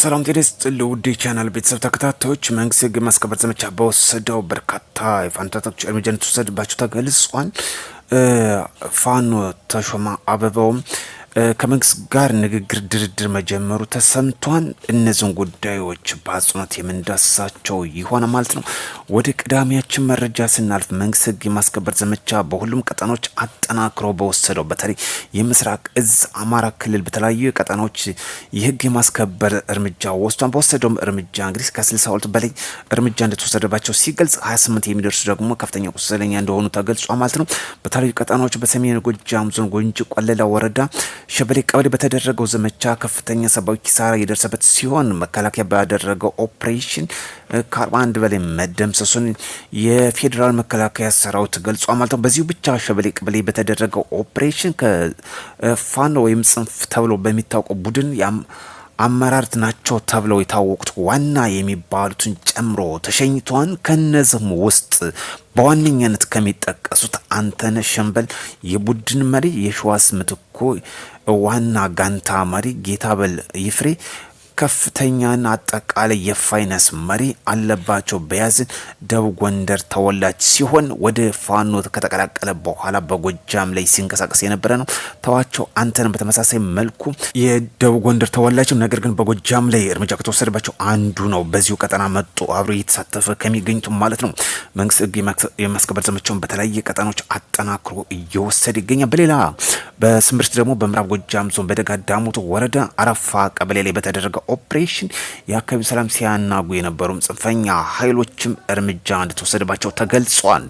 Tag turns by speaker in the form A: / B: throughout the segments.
A: ሰላም ጤና ይስጥልኝ ውድ የቻናል ቤተሰብ ተከታታዮች፣ መንግስት ህግ ማስከበር ዘመቻ በወሰደው በርካታ የፋኖ ታጣቂዎች እርምጃ እንደተወሰደባቸው ተገልጿል። ፋኖ ተሾማ አበባውም ከመንግስት ጋር ንግግር ድርድር መጀመሩ ተሰምቷል። እነዚህን ጉዳዮች በአጽንኦት የምንዳስሳቸው ይሆነ ማለት ነው። ወደ ቀዳሚያችን መረጃ ስናልፍ መንግስት ህግ የማስከበር ዘመቻ በሁሉም ቀጠኖች አጠናክሮ በወሰደው በተለይ የምስራቅ እዝ አማራ ክልል በተለያዩ ቀጠኖች የህግ የማስከበር እርምጃ ወስዷን በወሰደውም እርምጃ እንግዲህ ከ በላይ እርምጃ እንደተወሰደባቸው ሲገልጽ ስምንት የሚደርሱ ደግሞ ከፍተኛ ቁስለኛ እንደሆኑ ተገልጿ ማለት ነው። በተለያዩ ቀጠናዎች በሰሜን ጎጃም ዞን ጎንጂ ቆለላ ወረዳ ሸበሌ ቀበሌ በተደረገው ዘመቻ ከፍተኛ ሰብአዊ ኪሳራ የደረሰበት ሲሆን መከላከያ ባደረገው ኦፕሬሽን ከአርባ አንድ በላይ መደምሰሱን የፌዴራል መከላከያ ሰራዊት ገልጾ ማለት ነው። በዚሁ ብቻ ሸበሌ ቀበሌ በተደረገው ኦፕሬሽን ከፋኖ ወይም ጽንፍ ተብሎ በሚታወቀው ቡድን አመራርት ናቸው ተብለው የታወቁት ዋና የሚባሉትን ጨምሮ ተሸኝተዋል። ከነዚህም ውስጥ በዋነኛነት ከሚጠቀሱት አንተነ ሸንበል የቡድን መሪ፣ የሸዋስ ምትኮ ዋና ጋንታ መሪ፣ ጌታበል ይፍሬ ከፍተኛና አጠቃላይ የፋይናንስ መሪ አለባቸው በያዝን ደቡብ ጎንደር ተወላጅ ሲሆን ወደ ፋኖ ከተቀላቀለ በኋላ በጎጃም ላይ ሲንቀሳቀስ የነበረ ነው። ተዋቸው አንተን በተመሳሳይ መልኩ የደቡብ ጎንደር ተወላጅም ነገር ግን በጎጃም ላይ እርምጃ ከተወሰደባቸው አንዱ ነው። በዚሁ ቀጠና መጡ አብሮ እየተሳተፈ ከሚገኙት ማለት ነው። መንግስት ህግ የማስከበር ዘመቻውን በተለያየ ቀጠናዎች አጠናክሮ እየወሰደ ይገኛል። በሌላ በስምርት ደግሞ በምዕራብ ጎጃም ዞን በደጋ ዳሞት ወረዳ አረፋ ቀበሌ ላይ በተደረገው ኦፕሬሽን የአካባቢ ሰላም ሲያናጉ የነበሩም ጽንፈኛ ኃይሎችም እርምጃ እንድትወሰድባቸው ተገልጿል።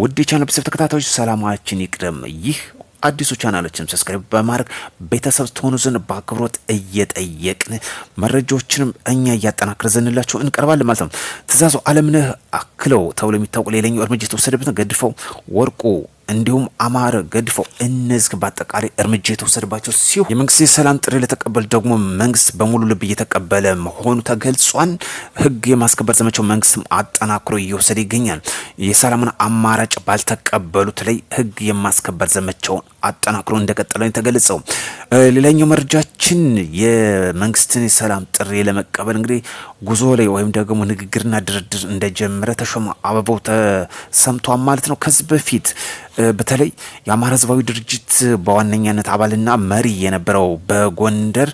A: ውድ የቻናል ቤተሰብ ተከታታዮች ሰላማችን ይቅደም። ይህ አዲሱ ቻናላችን ሰብስክራይብ በማድረግ ቤተሰብ ትሆኑ ዘንድ በአክብሮት እየጠየቅን መረጃዎችንም እኛ እያጠናክር ዘንላቸው እንቀርባለን ማለት ነው። ትእዛዙ አለምነህ አክለው ተብሎ የሚታወቁ ሌላኛው እርምጃ የተወሰደበት ገድፈው ወርቁ እንዲሁም አማረ ገድፈው እነዚህ በአጠቃላይ እርምጃ የተወሰደባቸው ሲሆን የመንግስት የሰላም ጥሪ ለተቀበሉ ደግሞ መንግስት በሙሉ ልብ እየተቀበለ መሆኑ ተገልጿል። ህግ የማስከበር ዘመቻው መንግስትም አጠናክሮ እየወሰደ ይገኛል። የሰላምን አማራጭ ባልተቀበሉት ላይ ህግ የማስከበር ዘመቻውን አጠናክሮ እንደቀጠለው የተገለጸው ሌላኛው መረጃችን የመንግስትን የሰላም ጥሪ ለመቀበል እንግዲህ ጉዞ ላይ ወይም ደግሞ ንግግርና ድርድር እንደጀመረ ተሾመ አበባው ተሰምቷል ማለት ነው። ከዚህ በፊት በተለይ የአማራ ህዝባዊ ድርጅት በዋነኛነት አባልና መሪ የነበረው በጎንደር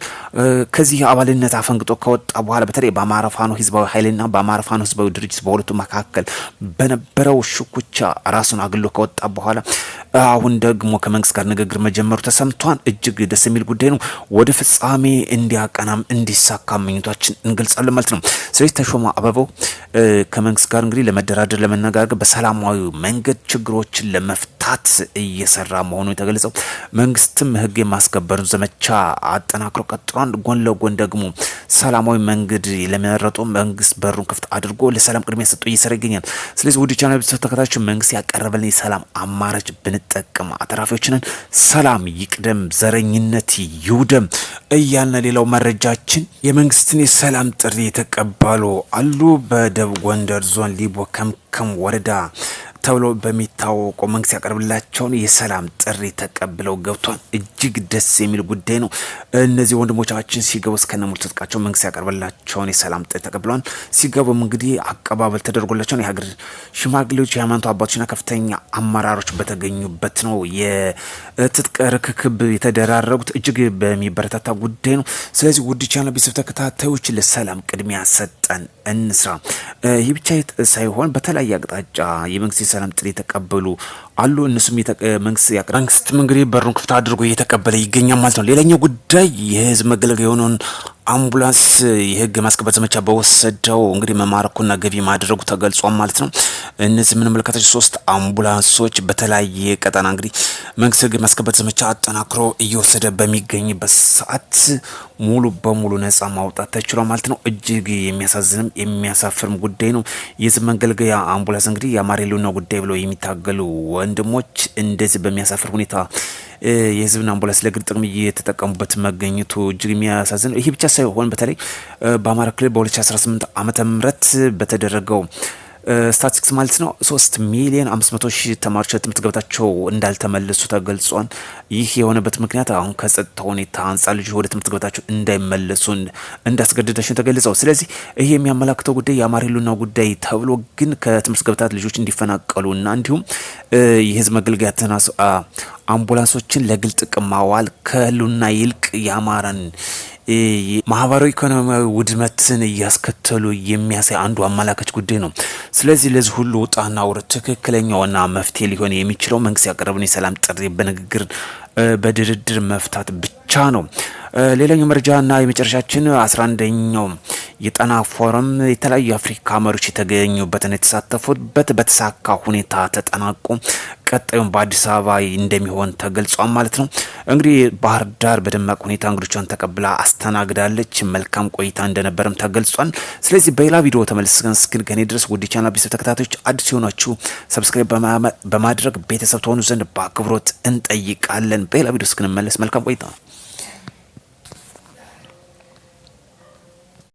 A: ከዚህ አባልነት አፈንግጦ ከወጣ በኋላ በተለይ በአማራ ፋኖ ህዝባዊ ኃይልና በአማራ ፋኖ ህዝባዊ ድርጅት በሁለቱ መካከል በነበረው ሽኩቻ ራሱን አግሎ ከወጣ በኋላ አሁን ደግሞ ከመንግስት ጋር ንግግር መጀመሩ ተሰምቷል። እጅግ ደስ የሚል ጉዳይ ነው። ወደ ፍጻሜ እንዲያቀናም እንዲሳካ ምኞታችን እንገልጻለን ማለት ነው። ስለዚህ ተሾመ አበባው ከመንግስት ጋር እንግዲህ ለመደራደር ለመነጋገር በሰላማዊ መንገድ ችግሮችን ለመፍታት እየሰራ መሆኑ የተገለጸው መንግስትም ህግ የማስከበር ዘመቻ አጠናክሮ ቀጥሏል። ጎን ለጎን ደግሞ ሰላማዊ መንገድ ለመረጡ መንግስት በሩን ክፍት አድርጎ ለሰላም ቅድሚያ ሰጥቶ እየሰራ ይገኛል። ስለዚህ ውድ ቻናል መንግስት ያቀረበልን የሰላም አማራጭ ብን የምንጠቅም አትራፊዎችንን ሰላም ይቅደም፣ ዘረኝነት ይውደም እያልን ሌላው መረጃችን የመንግስትን የሰላም ጥሪ የተቀበሉ አሉ። በደቡብ ጎንደር ዞን ሊቦ ከምከም ወረዳ ተብሎ በሚታወቀው መንግስት ያቀርብላቸውን የሰላም ጥሪ ተቀብለው ገብቷል። እጅግ ደስ የሚል ጉዳይ ነው። እነዚህ ወንድሞቻችን ሲገቡ እስከነሙሉ ትጥቃቸው መንግስት ያቀርብላቸውን የሰላም ጥሪ ተቀብለዋል። ሲገቡም እንግዲህ አቀባበል ተደርጎላቸውን የሀገር ሽማግሌዎች፣ የሃይማኖት አባቶችና ከፍተኛ አመራሮች በተገኙበት ነው የትጥቅ ርክክብ የተደራረጉት። እጅግ በሚበረታታ ጉዳይ ነው። ስለዚህ ውድ ቻናል ቤተሰብ ተከታታዮች ለሰላም ቅድሚያ ሰጠን እንስራ። ይህ ብቻ ሳይሆን በተለያየ አቅጣጫ የመንግስት ሰላም ጥሪ የተቀበሉ አሉ። እነሱም መንግስት መንግስትም እንግዲህ በሩን ክፍት አድርጎ እየተቀበለ ይገኛል ማለት ነው። ሌላኛው ጉዳይ የህዝብ መገልገያ የሆነውን አምቡላንስ የህግ ማስከበር ዘመቻ በወሰደው እንግዲህ መማረኩና ገቢ ማድረጉ ተገልጿል ማለት ነው። እነዚህ የምንመለከታቸው ሶስት አምቡላንሶች በተለያየ ቀጠና እንግዲህ መንግስት ህግ ማስከበር ዘመቻ አጠናክሮ እየወሰደ በሚገኝበት ሰዓት ሙሉ በሙሉ ነጻ ማውጣት ተችሏል ማለት ነው። እጅግ የሚያሳዝንም የሚያሳፍርም ጉዳይ ነው። የህዝብ መገልገያ አምቡላንስ እንግዲህ የአማራ ህልውና ጉዳይ ብለው የሚታገሉ ወንድሞች እንደዚህ በሚያሳፍር ሁኔታ የህዝብን አምቡላንስ ለግል ጥቅም እየተጠቀሙበት መገኘቱ እጅግ የሚያሳዝን። ይህ ብቻ ሳይሆን በተለይ በአማራ ክልል በ2018 ዓ ምህረት በተደረገው ስታቲስቲክስ ማለት ነው። ሶስት ሚሊዮን አምስት መቶ ሺህ ተማሪዎች ለትምህርት ገበታቸው እንዳልተመለሱ ተገልጿል። ይህ የሆነበት ምክንያት አሁን ከጸጥታ ሁኔታ አንጻር ልጆች ወደ ትምህርት ገበታቸው እንዳይመለሱ እንዳስገደዳቸው ተገልጸው፣ ስለዚህ ይህ የሚያመላክተው ጉዳይ የአማራ ሕልውና ጉዳይ ተብሎ ግን ከትምህርት ገበታት ልጆች እንዲፈናቀሉ እና እንዲሁም የህዝብ መገልገያ ተናስ አምቡላንሶችን ለግል ጥቅም ማዋል ከሕልውና ይልቅ የአማራን ማህበራዊ ኢኮኖሚያዊ ውድመትን እያስከተሉ የሚያሳይ አንዱ አመላካች ጉዳይ ነው። ስለዚህ ለዚህ ሁሉ ውጣና ውረድ ትክክለኛውና መፍትሄ ሊሆን የሚችለው መንግስት ያቀረበውን የሰላም ጥሪ በንግግር በድርድር መፍታት ብቻ ነው። ሌላኛው መረጃና የመጨረሻችን አስራ አንደኛው የጣና ፎረም የተለያዩ የአፍሪካ መሪዎች የተገኙበትን የተሳተፉበት በተሳካ ሁኔታ ተጠናቆ ቀጣዩም በአዲስ አበባ እንደሚሆን ተገልጿል ማለት ነው። እንግዲህ ባህር ዳር በደማቅ ሁኔታ እንግዶቿን ተቀብላ አስተናግዳለች። መልካም ቆይታ እንደነበረም ተገልጿል። ስለዚህ በሌላ ቪዲዮ ተመልሰን እስክንገናኝ ድረስ ውድ ቻናል ቤተሰብ ተከታታዮች አዲስ የሆናችሁ ሰብስክራይብ በማድረግ ቤተሰብ ተሆኑ ዘንድ በአክብሮት እንጠይቃለን። በሌላ ቪዲዮ እስክንመለስ መልካም ቆይታ